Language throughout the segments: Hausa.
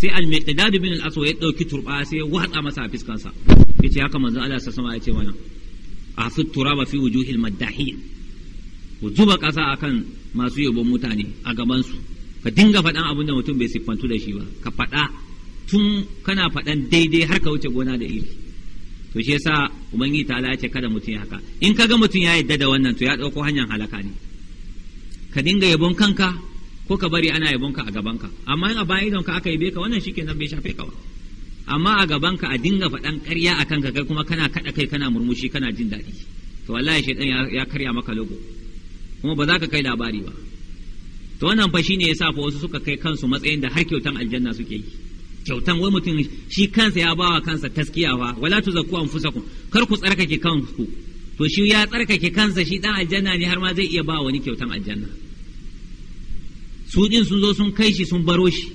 sai al-miqdad bin al-aswad ya dauki turba sai ya watsa masa a fiskansa yace haka manzon Allah sa ya yace mana afid turaba fi wujuhil maddahin ku zuba kasa akan masu yabon mutane a gaban su ka dinga faɗan abin da mutum bai siffantu da shi ba ka faɗa tun kana faɗan daidai har ka wuce gona da iri to shi yasa ubangiji ta ya ce kada mutum ya haka in kaga mutum ya yadda da wannan to ya ɗauko hanyar halaka ne ka dinga yabon kanka ko ka bari ana yabonka a gabanka amma in a bayan idonka aka yabe ka wannan nan bai shafe ka ba amma a gabanka a dinga faɗan ƙarya a kanka kai kuma kana kaɗa kai kana murmushi kana jin daɗi to wallahi shaitan ya karya maka logo kuma ba za ka kai labari ba to wannan fa shine yasa fa wasu suka kai kansu matsayin da har kyautan aljanna suke yi kyautan wai mutum shi kansa ya bawa kansa taskiya fa wala tuzakku anfusakum kar ku tsarkake kanku to shi ya tsarkake kansa shi dan aljanna ne har ma zai iya ba wani kyautan aljanna su din sun zo sun kai shi sun baro shi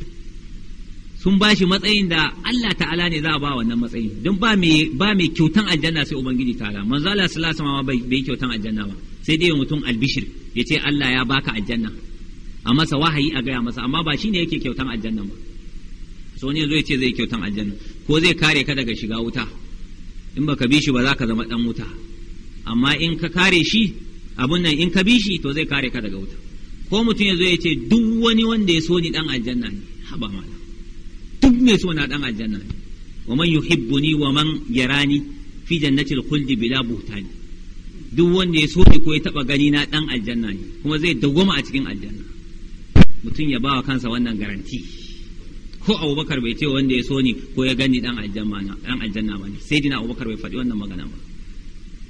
sun ba shi matsayin da Allah ta'ala ne za a ba wannan matsayin don ba mai ba mai kyautan aljanna sai ubangiji ta'ala manzo Allah sallallahu alaihi wasallam bai kyautan aljanna ba sai dai mutum albishir yace Allah ya baka aljanna a masa wahayi a gaya masa amma ba shine yake kyautan aljanna ba so ne zai ce zai kyautan aljanna ko zai kare ka daga shiga wuta in baka bi shi ba za ka zama dan wuta amma in ka kare shi abun nan in ka bi shi to zai kare ka daga wuta ko mutum ya zo ya ce duk wani wanda ya so ni dan aljanna ne haba mala duk mai so na dan aljanna ne wa man yuhibbuni wa man yarani fi jannatil khuldi bila buhtani duk wanda ya so ni ko ya taba gani na dan aljanna ne kuma zai dawwama a cikin aljanna mutum ya bawa kansa wannan garanti ko abubakar bai ce wanda ya so ni ko ya gani dan aljanna dan aljanna ba ne sai dina abubakar bai faɗi wannan magana ba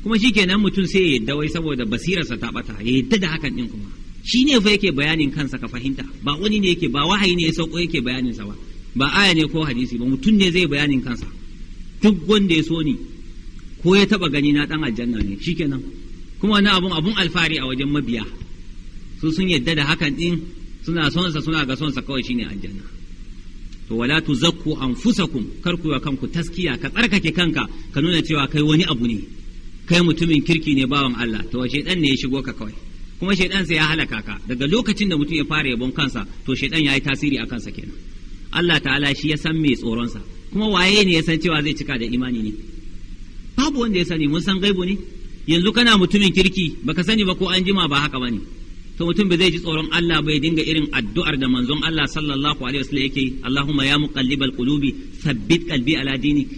kuma shikenan mutum sai ya yadda wai saboda basirarsa ta bata ya yadda da hakan din kuma shi ne fa yake bayanin kansa ka fahimta ba wani ne yake ba wahayi ne ya sauko yake bayanin sa ba ba aya ne ko hadisi ba mutum ne zai bayanin kansa duk wanda ya so ni ko ya taba gani na dan aljanna ne shikenan kuma wani abun abun alfari a wajen mabiya su sun yadda da hakan din suna son sa suna ga son sa kawai shine aljanna to wala tuzakku anfusakum kar ku kanku taskiya ka tsarkake kanka ka nuna cewa kai wani abu ne kai mutumin kirki ne bawan Allah to washe dan ne ya shigo ka kawai kuma shaidan sai ya halaka ka daga lokacin da mutum ya fara yabon kansa to shaidan ya yi tasiri a kansa kenan Allah ta'ala shi ya san mai tsoronsa kuma waye ne ya san cewa zai cika da imani ne babu wanda ya sani mun san gaibu ne yanzu kana mutumin kirki baka sani ba ko an jima ba haka bane to mutum ba zai ji tsoron Allah bai dinga irin addu'ar da manzon Allah sallallahu alaihi wasallam yake Allahumma ya muqallibal qulubi thabbit qalbi ala dinik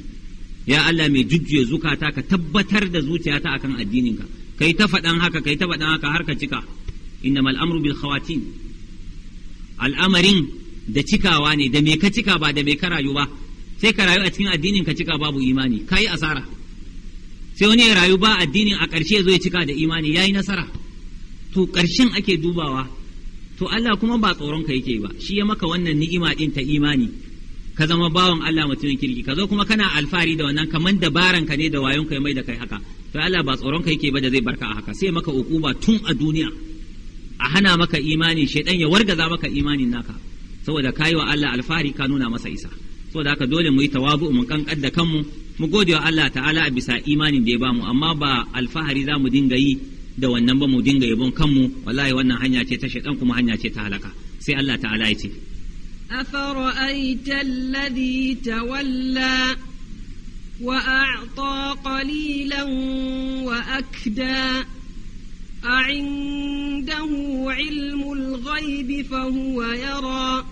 ya Allah mai jujjuya zukata ka tabbatar da zuciyata akan addininka kai ta faɗan haka kai ta faɗan haka har ka cika innamal amru bil khawatin al'amarin da cikawa ne da me ka cika ba da me ka rayu ba sai ka rayu a cikin addinin ka cika babu imani kai asara sai wani ya rayu ba addinin a ƙarshe zo cika da imani yayi nasara to ƙarshen ake dubawa to Allah kuma ba tsoron ka yake ba shi ya maka wannan ni'ima din ta imani ka zama bawan Allah mutumin kirki ka zo kuma kana alfahari da wannan kaman dabaran ka ne da wayon ka mai da kai haka to Allah ba tsoron yake ba da zai barka a haka sai maka ukuba tun a duniya a hana maka imani shaidan ya wargaza maka imanin naka saboda yi wa Allah alfahari ka nuna masa isa saboda haka dole mu yi tawabu mu kankan da kanmu mu gode wa Allah ta'ala a bisa imanin da ya bamu amma ba alfahari za mu dinga yi da wannan ba mu dinga yabon kanmu wallahi wannan hanya ce ta shaidan kuma hanya ce ta halaka sai Allah ta'ala ya ce أفرأيت الذي تولى وأعطى قليلا وأكدا أعنده علم الغيب فهو يرى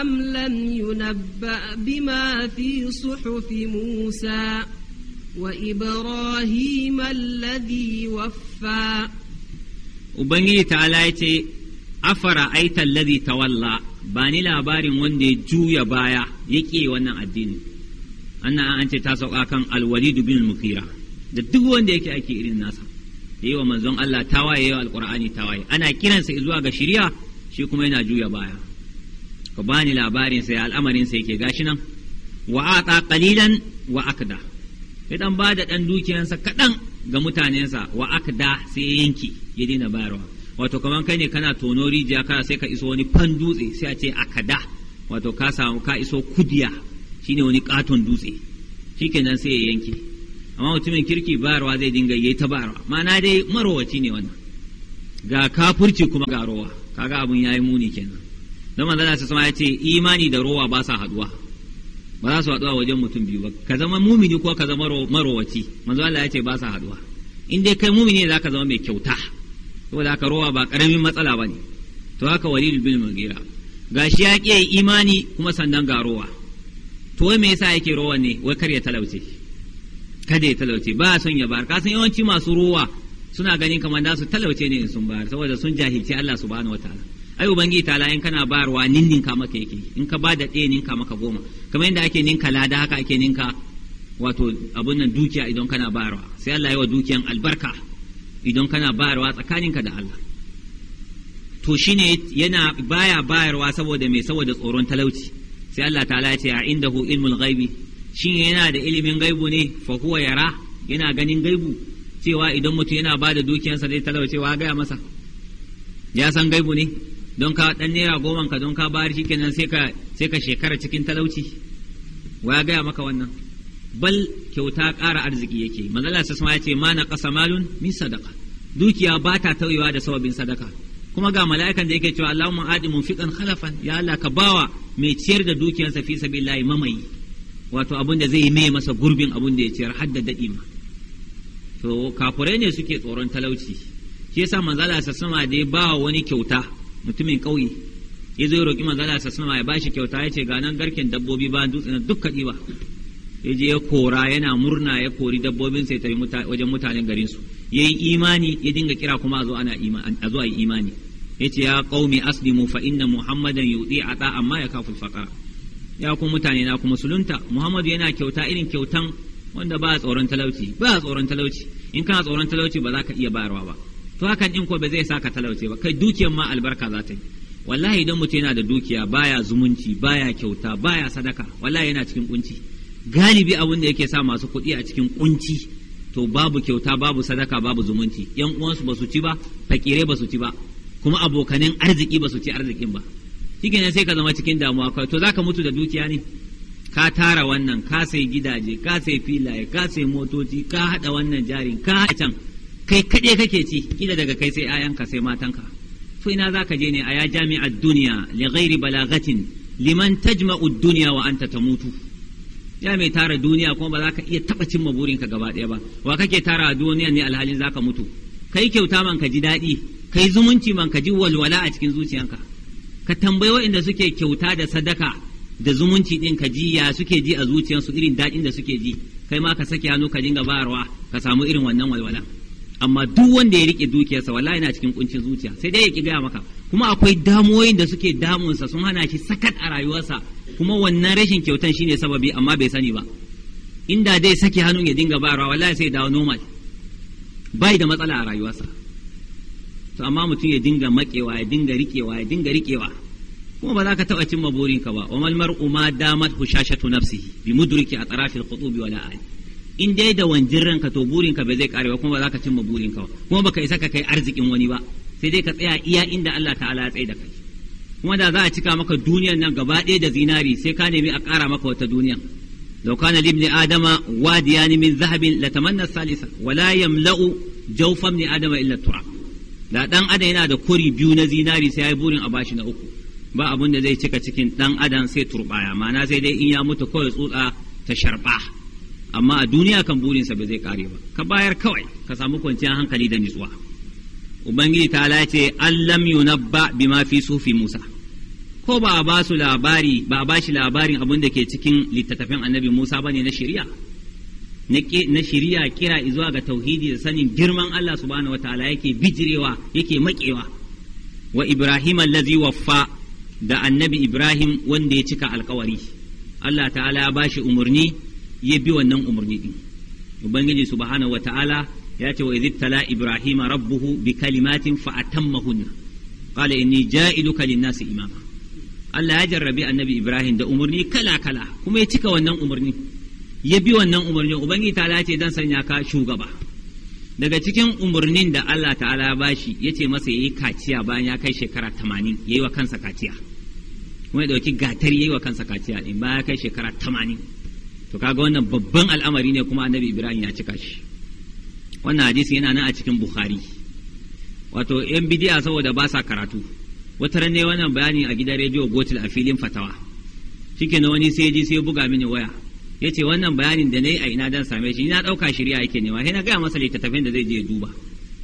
أم لم ينبأ بما في صحف موسى وإبراهيم الذي وفى وبنيت تعالى أفرأيت الذي تولى باني لابارين وندي جويا بايا يكي ونا الدين anna an ce ta sauka kan alwalidu bin mukira da duk wanda yake ake irin nasa da yi manzon Allah tawaye wa alqur'ani waye ana kiransa zuwa ga shari'a shi kuma yana juya baya ka bani labarin sai al'amarin sai yake gashi nan wa ata qalilan wa akda ya dan bada dan dukiyansa kadan ga mutanensa wa akda sai yanki ya dina bayarwa wato kaman kai ne kana tono rijiya kana sai ka iso wani fan dutse sai a ce akada wato ka samu ka iso kudiya shine wani katon dutse nan sai ya yanke amma mutumin kirki bayarwa zai dinga yi ta bayarwa ma'ana dai marowaci ne wannan ga kafurci kuma ga rowa kaga abun yayi muni kenan don manzana su sama ya ce imani da rowa ba sa haduwa ba za su haduwa wajen mutum biyu ba ka zama mumini ko ka zama marowaci manzo Allah ya ce ba sa haduwa in dai kai mumini ne zaka zama mai kyauta saboda haka rowa ba karamin matsala ba ne to haka walid bin mugira gashi ya ƙi imani kuma sannan ga rowa to wai me yasa yake rowan ne wai kar ya talauce kada ya talauce ba son ya bar kasan yawanci masu ruwa suna ganin kamar da su talauce ne in sun bar saboda sun jahilci Allah subhanahu wataala ai ubangi ta'ala in kana ninnin ka maka yake in ka ba da ɗaya ninka maka goma kamar yadda ake ninka lada haka ake ninka wato abun nan dukiya idan kana barwa sai Allah ya wa dukiyan albarka idan kana bayarwa tsakaninka da Allah to shine yana baya bayarwa saboda mai saboda tsoron talauci sai Allah ta'ala ya ce a indahu ilmul ghaibi shin yana da ilimin gaibu ne fa huwa yara yana ganin gaibu cewa idan mutum yana ba da dukiyarsa zai cewa gaya masa ya san gaibu ne don ka dan naira goman ka don ka bayar shi sai ka sai ka shekara cikin talauci wa gaya maka wannan bal kyauta ƙara arziki yake manzala sasma ya ce ma na ƙasa malun min sadaka dukiya ba ta tauyewa da sababin sadaka kuma ga mala'ikan da yake cewa Allahumma adi munfiqan khalafan ya Allah ka bawa mai ciyar da dukiyarsa fi sabilillahi mamayi wato abin da zai yi mai masa gurbin abin da ya ciyar hadda dadi ma to kafurai ne suke tsoron talauci shi yasa manzala sa sama da ya ba wani kyauta mutumin kauye ya zo ya roki manzala sa sama ya bashi kyauta ya ce ga nan garken dabbobi ba dutsen duk kadi ba ya je ya kora yana murna ya kori dabbobin sai ta wajen mutanen garin su yayi imani ya dinga kira kuma a zo ana imani a zo a yi imani yace ya qaumi aslimu fa inna muhammadan yudi ata amma ya kafu faqara ya ku mutane na ku musulunta muhammadu yana kyauta irin kyautan wanda ba tsoron talauci ba tsoron talauci in kana tsoron talauci ba za ka iya bayarwa ba to hakan din ko ba zai saka talauci ba kai dukiyar ma albarka za ta yi wallahi idan mutum yana da dukiya baya zumunci baya kyauta baya sadaka wallahi yana cikin kunci galibi abin da yake sa masu kuɗi a cikin kunci to babu kyauta babu sadaka babu zumunci yan uwansu ba su ci ba fakire ba su ci ba kuma abokanin arziki ba su ci arzikin ba ne sai ka zama cikin damuwa kawai to zaka mutu da dukiya ne ka tara wannan ka sai gidaje ka sai filaye ka sai motoci ka hada wannan jarin ka hada can kai kaɗai kake ci kila daga kai sai ayanka sai matanka to ina zaka je ne a ya jami'ar duniya li ghairi balagatin liman tajma'u duniya wa anta tamutu ya mai tara duniya kuma ba za ka iya taɓa cimma burinka gaba ɗaya ba wa kake tara duniya ne alhalin za ka mutu kai kyauta man ka ji daɗi ka yi zumunci man ka ji walwala a cikin zuciyanka ka tambayi waɗanda suke kyauta da sadaka da zumunci ɗin ka ji ya suke ji a zuciyarsu irin daɗin da suke ji kai ma ka sake hannu ka dinga bayarwa ka samu irin wannan walwala amma duk wanda ya rike dukiyarsa wala yana cikin kuncin zuciya sai dai ya ki gaya maka kuma akwai damuwoyin da suke damunsa sun hana shi sakat a rayuwarsa kuma wannan rashin kyautan shine sababi amma bai sani ba inda dai sake hannu ya dinga bayarwa wallahi sai dawo normal bai da matsala a rayuwarsa to amma mutum ya dinga makewa ya dinga rikewa ya dinga rikewa kuma ba za ka taɓa cimma burinka ba wa malmar umma damat hushashatu nafsihi bi mudriki a tarafil khutubi wala ali in dai da wanjin ranka to burinka ba zai kare kuma ba za ka cimma burinka ba kuma baka isa ka kai arzikin wani ba sai dai ka tsaya iya inda Allah ta'ala ya tsaye da kai kuma da za a cika maka duniyar nan gaba ɗaya da zinari sai ka nemi a ƙara maka wata duniyar. لو كان لابن آدم واديان من ذهب لتمنى الثالثة ولا يملأ جوف ابن آدم إلا التراب da ɗan adam yana da kori biyu na zinari sai ya yi burin a bashi na uku ba abin da zai cika cikin ɗan adam sai turbaya ma'ana sai dai in ya mutu kawai tsutsa ta sharba amma a duniya kan burinsa ba zai kare ba ka bayar kawai ka samu kwanciyar hankali da nutsuwa ubangiji ta ce allam yunabba bima fi sufi musa ko ba a ba su labari ba ba shi labarin abin da ke cikin littattafan annabi musa bane na shari'a na shiriya kira zuwa ga tauhidi da sanin girman Allah subhanahu wataala yake bijirewa yake makewa wa Ibrahim allazi waffa da annabi Ibrahim wanda ya cika alkawari Allah ta'ala ya bashi umarni ya bi wannan umarni din ubangiji subhanahu wataala ya ce wa idh tala Ibrahim rabbuhu bi kalimatin fa atammahunna qala inni ja'iluka lin nasu imama Allah ya jarrabi annabi Ibrahim da umarni kala kala kuma ya cika wannan umarni ya bi wannan umarnin ubangiji ta ce dan sanya ka shugaba daga cikin umarnin da Allah ta'ala ya bashi ya ce masa yayi kaciya bayan ya kai shekara 80 yayi wa kansa kaciya kuma ya dauki gatari yayi wa kansa kaciya in bayan ya kai shekara 80 to kaga wannan babban al'amari ne kuma annabi Ibrahim ya cika shi wannan hadisi yana nan a cikin Bukhari wato yan bidiya saboda ba sa karatu wata ne wannan bayani a gidan rediyo gotil a filin fatawa shike wani sai ji sai buga mini waya ya ce wannan bayanin da na yi a ina don same shi na ɗauka shirya yake nema sai na gaya masa littattafin da zai je duba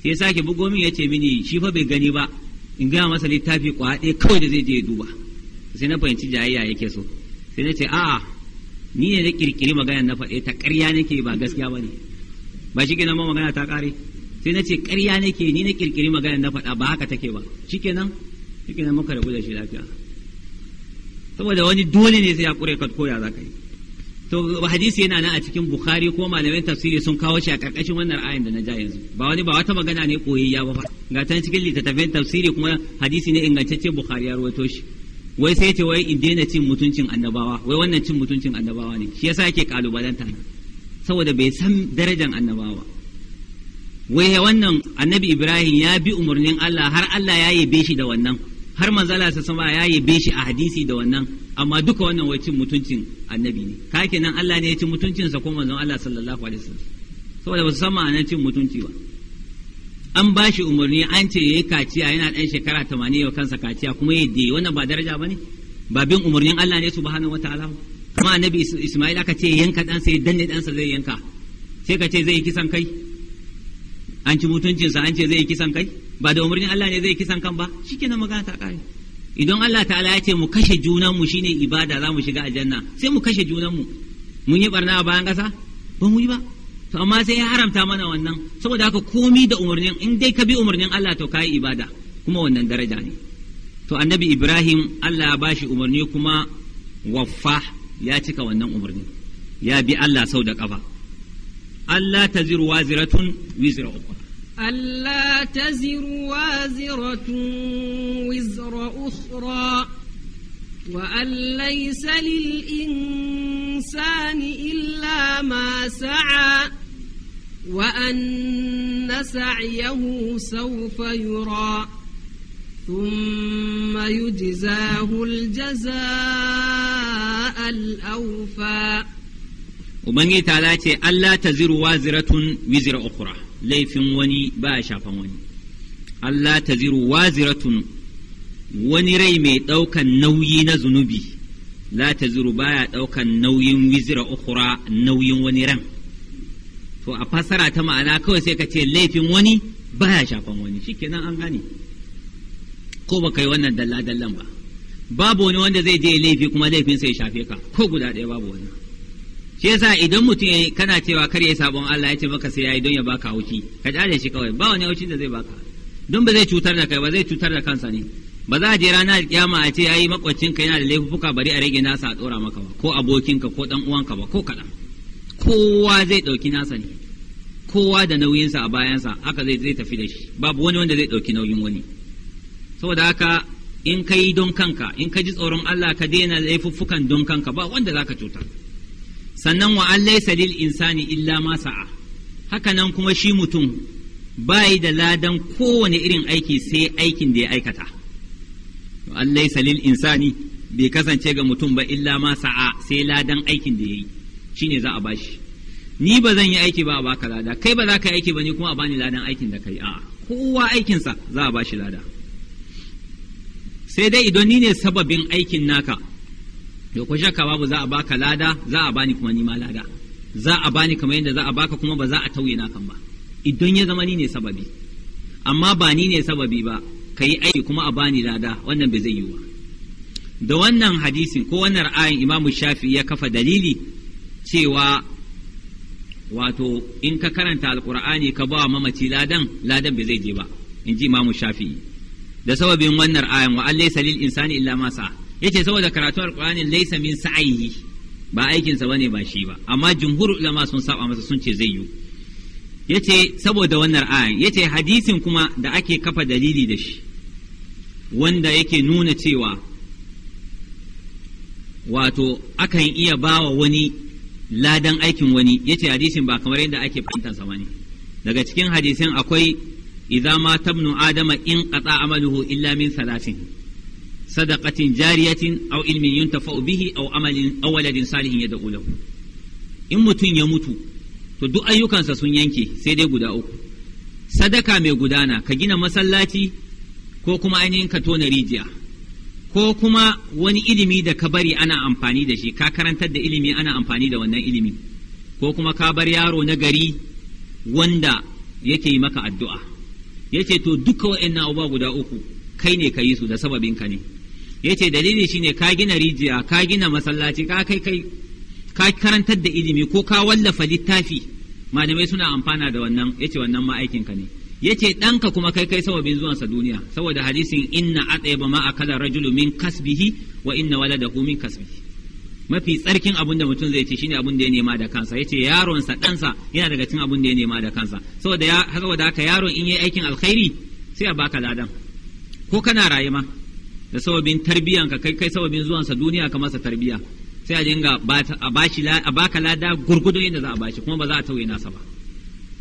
sai sake bugo min ya ce mini shi fa bai gani ba in gaya masa littafi kwaɗe kawai da zai je duba sai na fahimci jayayya yake so sai na ce a'a ni ne na kirkiri magana na faɗe ta ƙarya nake ba gaskiya ba ne ba shi kenan ma magana ta ƙare sai na ce ƙarya nake ni na kirkiri magana na faɗa ba haka take ba shi kenan shi kenan muka rabu da shi lafiya saboda wani dole ne sai ya ƙure ka koya za ka yi to hadisi yana nan a cikin bukhari ko malamin tafsiri sun kawo shi a karkashin wannan ayin da na ja yanzu ba wani ba wata magana ne koyayya ba fa ga ta cikin littattafan tafsiri kuma hadisi ne ingantacce bukhari ya rawaito shi wai sai ce wai in daina cin mutuncin annabawa wai wannan cin mutuncin annabawa ne shi yasa yake kalubalanta saboda bai san darajar annabawa wai wannan annabi ibrahim ya bi umarnin allah har allah ya yi shi da wannan har manzala sa sama ya yi shi a hadisi da wannan amma duka wannan wai cin mutuncin annabi ne ka kenan Allah ne ya ci mutuncinsa ko manzon Allah sallallahu alaihi wasallam saboda ba su san ma'anar cin mutunci ba an ba shi umarni an ce yayi kaciya yana dan shekara 80 yau kansa kaciya kuma ya dai wannan ba daraja bane ba bin umarnin Allah ne subhanahu wataala kuma annabi Isma'il aka ce yanka dan sai danne dan sa zai yanka sai ka ce zai yi kisan kai an ci mutuncinsa an ce zai yi kisan kai ba da umarnin Allah ne zai yi kisan kan ba shikenan magana ta kare idan Allah ta'ala ya ce mu kashe junanmu shine ibada za mu shiga aljanna sai mu kashe junanmu mun yi barna a bayan ƙasa ba mu yi ba to amma sai ya haramta mana wannan saboda haka komi da umarnin in dai ka bi umarnin Allah to kai ibada kuma wannan daraja ne to annabi Ibrahim Allah ya bashi umarni kuma waffa ya cika wannan umarni ya bi Allah sau da kafa Allah taziru waziratun wizra ukhra ألا تزر وازرة وزر أخرى وأن ليس للإنسان إلا ما سعى وأن سعيه سوف يرى ثم يجزاه الجزاء الأوفى ومن يتعالى ألا تزر وازرة وزر أخرى laifin wani ba ya shafan wani Allah ta ziru waziratun wani rai mai ɗaukan nauyi na zunubi la ta ziru baya ɗaukan nauyin wizira ukura nauyin wani ran to a fassara ta ma'ana kawai sai ka ce laifin wani ba ya shafan wani shikenan an gane ko ba kai wannan dalla dallan ba babu wani wanda zai je laifi kuma laifin ya shafe ka ko guda ɗaya babu wani shi yasa idan mutum ya kana cewa kar yayi sabon Allah ya ce maka sai yayi don ya baka hauki ka kyale shi kawai ba wani haucin da zai baka don ba zai cutar da kai ba zai cutar da kansa ne ba za a je ranar kiyama a ce yayi makwacinka yana da laifuka bari a rage nasa a tsora maka ba ko abokinka ko dan uwanka ba ko kaɗan kowa zai ɗauki nasa ne kowa da nauyinsa a bayansa haka zai zai tafi da shi babu wani wanda zai ɗauki nauyin wani saboda haka in ka yi don kanka in ka ji tsoron Allah ka daina laifuffukan don kanka ba wanda zaka cutar sannan wa an laysa lil insani illa ma sa'a haka nan kuma shi mutum bai da ladan kowane irin aiki sai aikin da ya aikata Wa'allai an laysa lil insani bai kasance ga mutum ba illa ma sa'a sai ladan aikin da yayi shine za a bashi ni ba zan yi aiki ba a baka lada kai ba za ka yi aiki ba ni kuma a bani ladan aikin da kai a'a kowa aikinsa za a bashi lada sai dai idan ni ne sababin aikin naka da ko shakka babu za a baka lada za a bani kuma ni ma lada za a bani kamar yadda za a baka kuma ba za a tauye na kan ba idan ya zama ni ne sababi amma ba ni ne sababi ba ka yi aiki kuma a bani lada wannan bai zai yi ba da wannan hadisin ko wannan ra'ayin imamu shafi ya kafa dalili cewa wato in ka karanta alkur'ani ka ba mamaci ladan ladan bai zai je ba in ji imamu shafi da sababin wannan ra'ayin wa allai salil insani illa masa yace saboda karatu alqur'ani laysa min sa'ihi ba aikinsa bane ba shi ba amma jumhur ulama sun saba masa sun ce zai yi yace saboda wannan aya yace hadisin kuma da ake kafa dalili da shi wanda yake nuna cewa wato akan iya bawa wani ladan aikin wani yace hadisin ba kamar yadda ake fahimtarsa bane daga cikin hadisin akwai idza ma tabnu adama in qata amaluhu illa min salatin. sadaqatin jariyatin aw ilmin yuntafa'u bihi au amalin auwaladin waladin salihin yad'u lahu in mutum ya mutu to duk ayyukansa sun yanke sai dai guda uku sadaka mai gudana ka gina masallaci ko kuma ainihin ka tona rijiya ko kuma wani ilimi da ka bari ana amfani da shi ka karantar da ilimi ana amfani da wannan ilimi ko kuma ka bar yaro na gari wanda yake yi maka addu'a yace to duka wa'annan abubuwa guda uku kai ne ka yi su da sababin ka ne yace dalili shine ka gina rijiya ka gina masallaci ka kai kai ka karantar da ilimi ko ka wallafa littafi malamai suna amfana da wannan yace wannan ma aikin ka ne yace ɗanka kuma kai kai sababin zuwansa duniya saboda hadisin inna atayba ma akala rajulu min kasbihi wa inna waladahu min kasbihi mafi tsarkin abin da mutum zai ce shine abin da ya nema da kansa yace yaronsa ɗansa yana daga cikin abin da ya nema da kansa saboda saboda haka yaron in yi aikin alkhairi sai a baka ladan ko kana rayuwa da sababin tarbiyan ka kai kai sababin sa duniya ka masa tarbiya sai a dinga a bashi a baka lada gurgudu yadda za a bashi kuma ba za a tauye nasa ba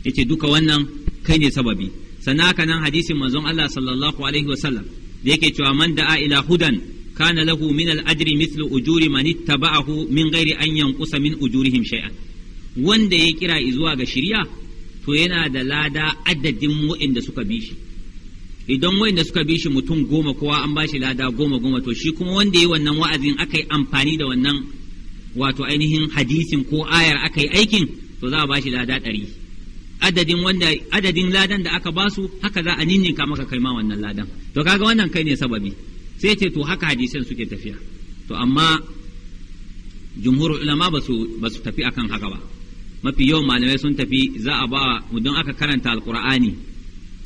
yace duka wannan kai ne sababi sannan haka nan hadisin manzon Allah sallallahu alaihi wa sallam da yake cewa man da'a ila hudan kana lahu min al-ajri mithlu ujuri man ittaba'ahu min ghairi an yanqusa min ujurihim shay'an wanda ya kira zuwa ga shari'a to yana da lada adadin da suka bi shi idan wanda suka bi shi mutum goma kowa an ba shi lada goma goma to shi kuma wanda ya wannan wa'azin aka yi amfani da wannan wato ainihin hadisin ko ayar aka yi aikin to za a ba shi lada ɗari adadin wanda adadin ladan da aka ba su haka za a ninninka maka kai ma wannan ladan to kaga wannan kai ne sababi sai ce to haka hadisan suke tafiya to amma jumhur ulama ba su tafi akan haka ba mafi yawan malamai sun tafi za a ba don aka karanta alqur'ani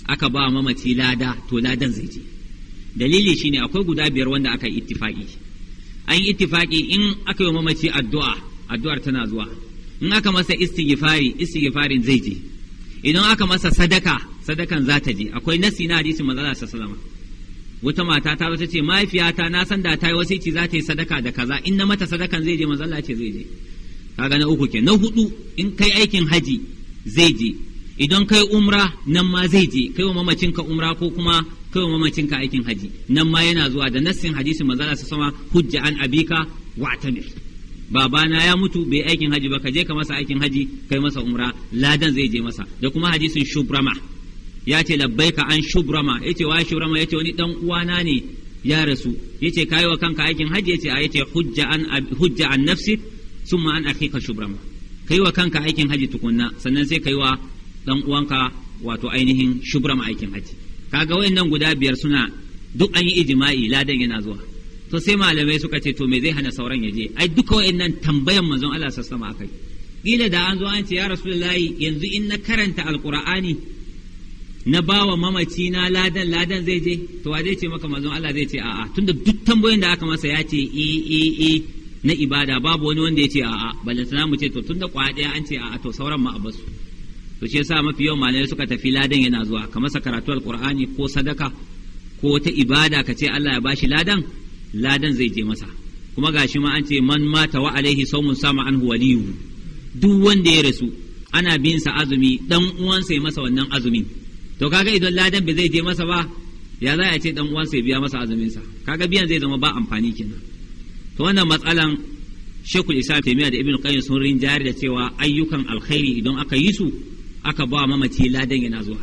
aka ba mamaci lada to ladan zai je dalili shine akwai guda biyar wanda aka yi ittifaki an yi ittifaki in aka yi mamaci addu'a addu'ar tana zuwa in aka masa istighfari istighfarin zai je idan aka masa sadaka sadakan za ta je akwai nasi na hadisin manzala sallama wata mata ta wata ce mahaifiyata na san da ta yi wasici za ta yi sadaka da kaza in na mata sadakan zai je manzala ce zai je kaga na uku ke na hudu in kai aikin haji zai je idan kai umra nan ma zai je kai wa mamacinka umra ko kuma kai wa mamacinka aikin haji nan ma yana zuwa da nassin hadisi manzala sa sama hujja an abika wa atamir babana ya mutu bai aikin haji ba ka je ka masa aikin haji kai masa umra ladan zai je masa da kuma hadisin shubrama ya ce labbaika an shubrama yace wa shubrama yace wani dan uwana ne ya rasu yace kai wa kanka aikin haji yace a yace hujja an hujja an nafsi summa an akhika shubrama kai wa kanka aikin haji tukunna sannan sai kai wa dan uwanka wato ainihin shubram aikin haji kaga wayannan guda biyar suna duk an yi ijma'i ladan yana zuwa to sai malamai suka ce to me zai hana sauran ya je ai duka wayannan tambayan manzon Allah sassama akai kila da an zo an ce ya rasulullahi yanzu in na karanta alqur'ani na bawa mamaci na ladan ladan zai je to wa zai ce maka manzon Allah zai ce a'a tunda duk tambayoyin da aka masa ya ce e e e na ibada babu wani wanda ya ce a'a balantana mu ce to tunda kwa an ce a'a to sauran ma a basu to shi yasa mafi yawan malamai suka tafi ladan yana zuwa kamar sa karatu alqur'ani ko sadaka ko wata ibada ka ce Allah ya bashi ladan ladan zai je masa kuma gashi ma an ce man mata wa alaihi sawmun sama anhu waliyu duk wanda ya rasu ana bin sa azumi dan uwansa ya masa wannan azumin to kaga idan ladan bai zai je masa ba ya za a ce dan uwansa ya biya masa azumin sa kaga biyan zai zama ba amfani kenan to wannan matsalan Shekul Islam Taimiyya da Ibn Qayyim sun rinjari da cewa ayyukan alkhairi idan aka yi su aka ba mamaci ladan yana zuwa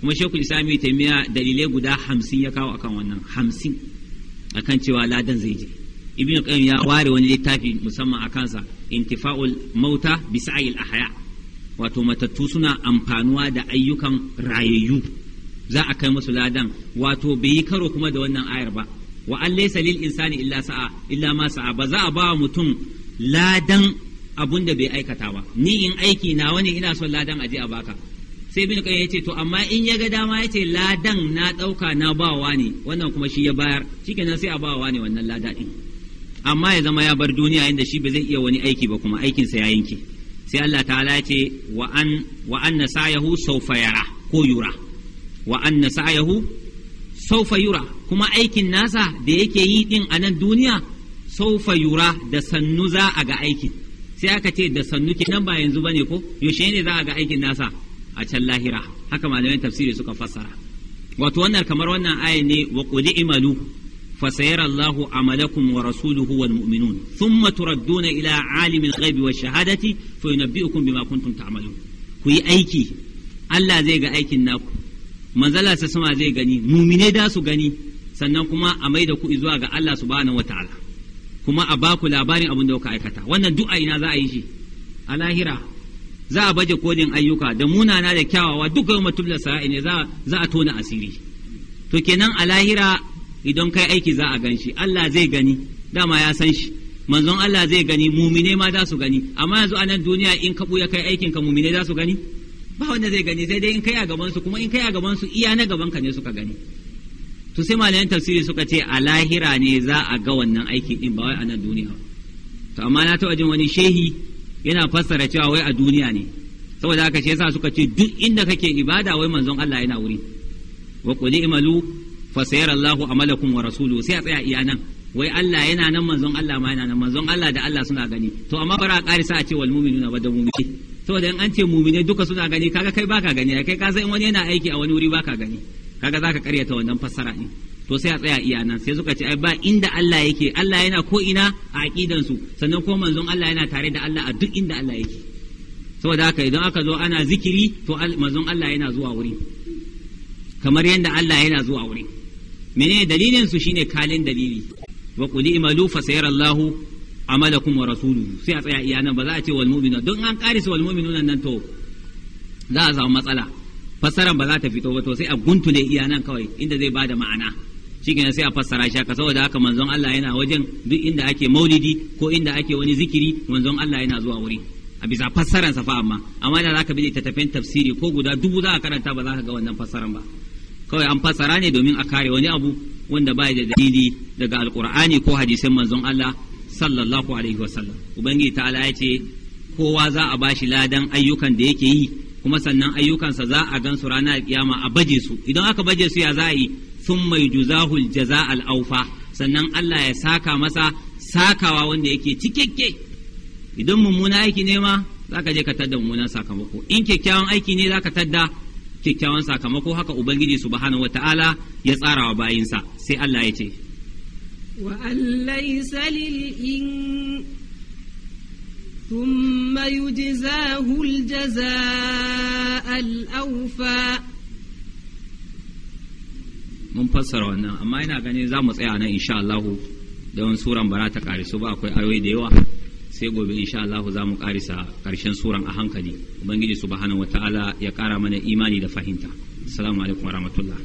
kuma shekul islami taimiya dalilai guda hamsin ya kawo akan wannan hamsin akan cewa ladan zai je ibn qayyim ya ware wani littafi musamman a kansa intifa'ul mauta bi sa'il ahya wato matattu suna amfanuwa da ayyukan rayayyu za a kai musu ladan wato bai yi karo kuma da wannan ayar ba wa an laysa lil insani illa sa'a illa ma sa'a ba za a ba mutum ladan abun da bai aikata ba ni in aiki na wani ina son ladan aje a baka sai bin ya ce to amma in ya ga dama yace ladan na ɗauka na bawa ne wannan kuma shi ya bayar shikenan sai a bawa ne wannan lada amma ya zama ya bar duniya inda shi ba zai iya wani aiki ba kuma aikin sa ya yanke sai Allah ta'ala yace wa an wa anna sa'yahu sawfa yara ko yura wa anna sa'yahu sawfa yura kuma aikin nasa da yake yi din a nan duniya sawfa yura da sannu za a ga aikin sai aka ce da sannu nan ba yanzu ne ko yaushe ne za a ga aikin nasa a can lahira haka malamai tafsiri suka fassara wato wannan kamar wannan aya ne wa qul imalu fasayara Allahu amalakum wa rasuluhu wal mu'minun thumma turadduna ila alimil ghaibi wash shahadati fayunabbi'ukum bima kuntum ta'malun ku yi aiki Allah zai ga aikin naku manzala sa sama zai gani mumine da su gani sannan kuma a maida ku zuwa ga Allah subhanahu wataala kuma a baku labarin abin da kuka aikata wannan du'a ina za a yi shi a lahira za a baje kodin ayyuka da munana da kyawawa duk ga mutum da sa'a ne za a tona asiri to kenan a lahira idan kai aiki za a gan shi Allah zai gani dama ya san shi manzon Allah zai gani mumine ma za su gani amma yanzu a nan duniya in ka buya kai aikin ka mumine za su gani ba wanda zai gani sai dai in kai a gaban su kuma in kai a gaban su iya na gaban ka ne suka gani to sai malayan tafsiri suka ce a lahira ne za a ga wannan aiki din ba wai a nan duniya to amma na taɓa jin wani shehi yana fassara cewa wai a duniya ne saboda haka shi yasa suka ce duk inda kake ibada wai manzon Allah yana wuri wa qul imalu fa sayarallahu amalakum wa rasuluhu sai a tsaya iya nan wai Allah yana nan manzon Allah ma yana nan manzon Allah da Allah suna gani to amma bara a sa a ce wal mu'minuna ba da mu'mini saboda in an ce mu'mine duka suna gani kaga kai baka gani kai ka san wani yana aiki a wani wuri baka gani kaga zaka karyata wannan fassara din to sai a tsaya iya nan sai suka ce ai ba inda Allah yake Allah yana ko ina a aqidan su sannan ko manzon Allah yana tare da Allah a duk inda Allah yake saboda haka idan aka zo ana zikiri to manzon Allah yana zuwa wuri kamar yadda Allah yana zuwa wuri menene dalilin su shine kalin dalili wa qul imalu fa sayarallahu amalakum wa rasuluhu sai a tsaya iya nan ba za a ce wal mu'minuna don an karisa wal mu'minuna nan to za a samu matsala fassaran ba za ta fito ba to sai a guntule iya nan kawai inda zai bada ma'ana kenan sai a fassara shi haka saboda haka manzon Allah yana wajen duk inda ake maulidi ko inda ake wani zikiri manzon Allah yana zuwa wuri a bisa fassaran sa fa amma amma da zaka bi tafin tafsiri ko guda dubu za a karanta ba za ka ga wannan fassaran ba kawai an fassara ne domin a kare wani abu wanda bai da dalili daga alkur'ani ko hadisin manzon Allah sallallahu alaihi wasallam ubangiji ta'ala ya ce kowa za a bashi ladan ayyukan da yake yi kuma sannan ayyukansa za a gansu ranar kiyama a baje su idan aka baje su ya za a yi thumma yujzahul jaza al'aufa sannan Allah ya saka masa sakawa wanda yake cikakke idan mummuna aiki ne ma ka je ka tadda mummunan sakamako in kyakkyawan aiki ne ka tadda kyakkyawan sakamako haka ubangiji subhanahu wataala ya tsara wa bayinsa sai Allah ya ce wa ثم يجزاه الجزاء الأوفى mun fassara wannan amma ina ganin za mu tsaya nan insha Allah wani suran ba ta karisu ba akwai ayoyi da yawa sai gobe insha Allah za mu karisa karshen suran a hankali ubangiji subhanahu wataala ya kara mana imani da fahimta assalamu alaikum warahmatullahi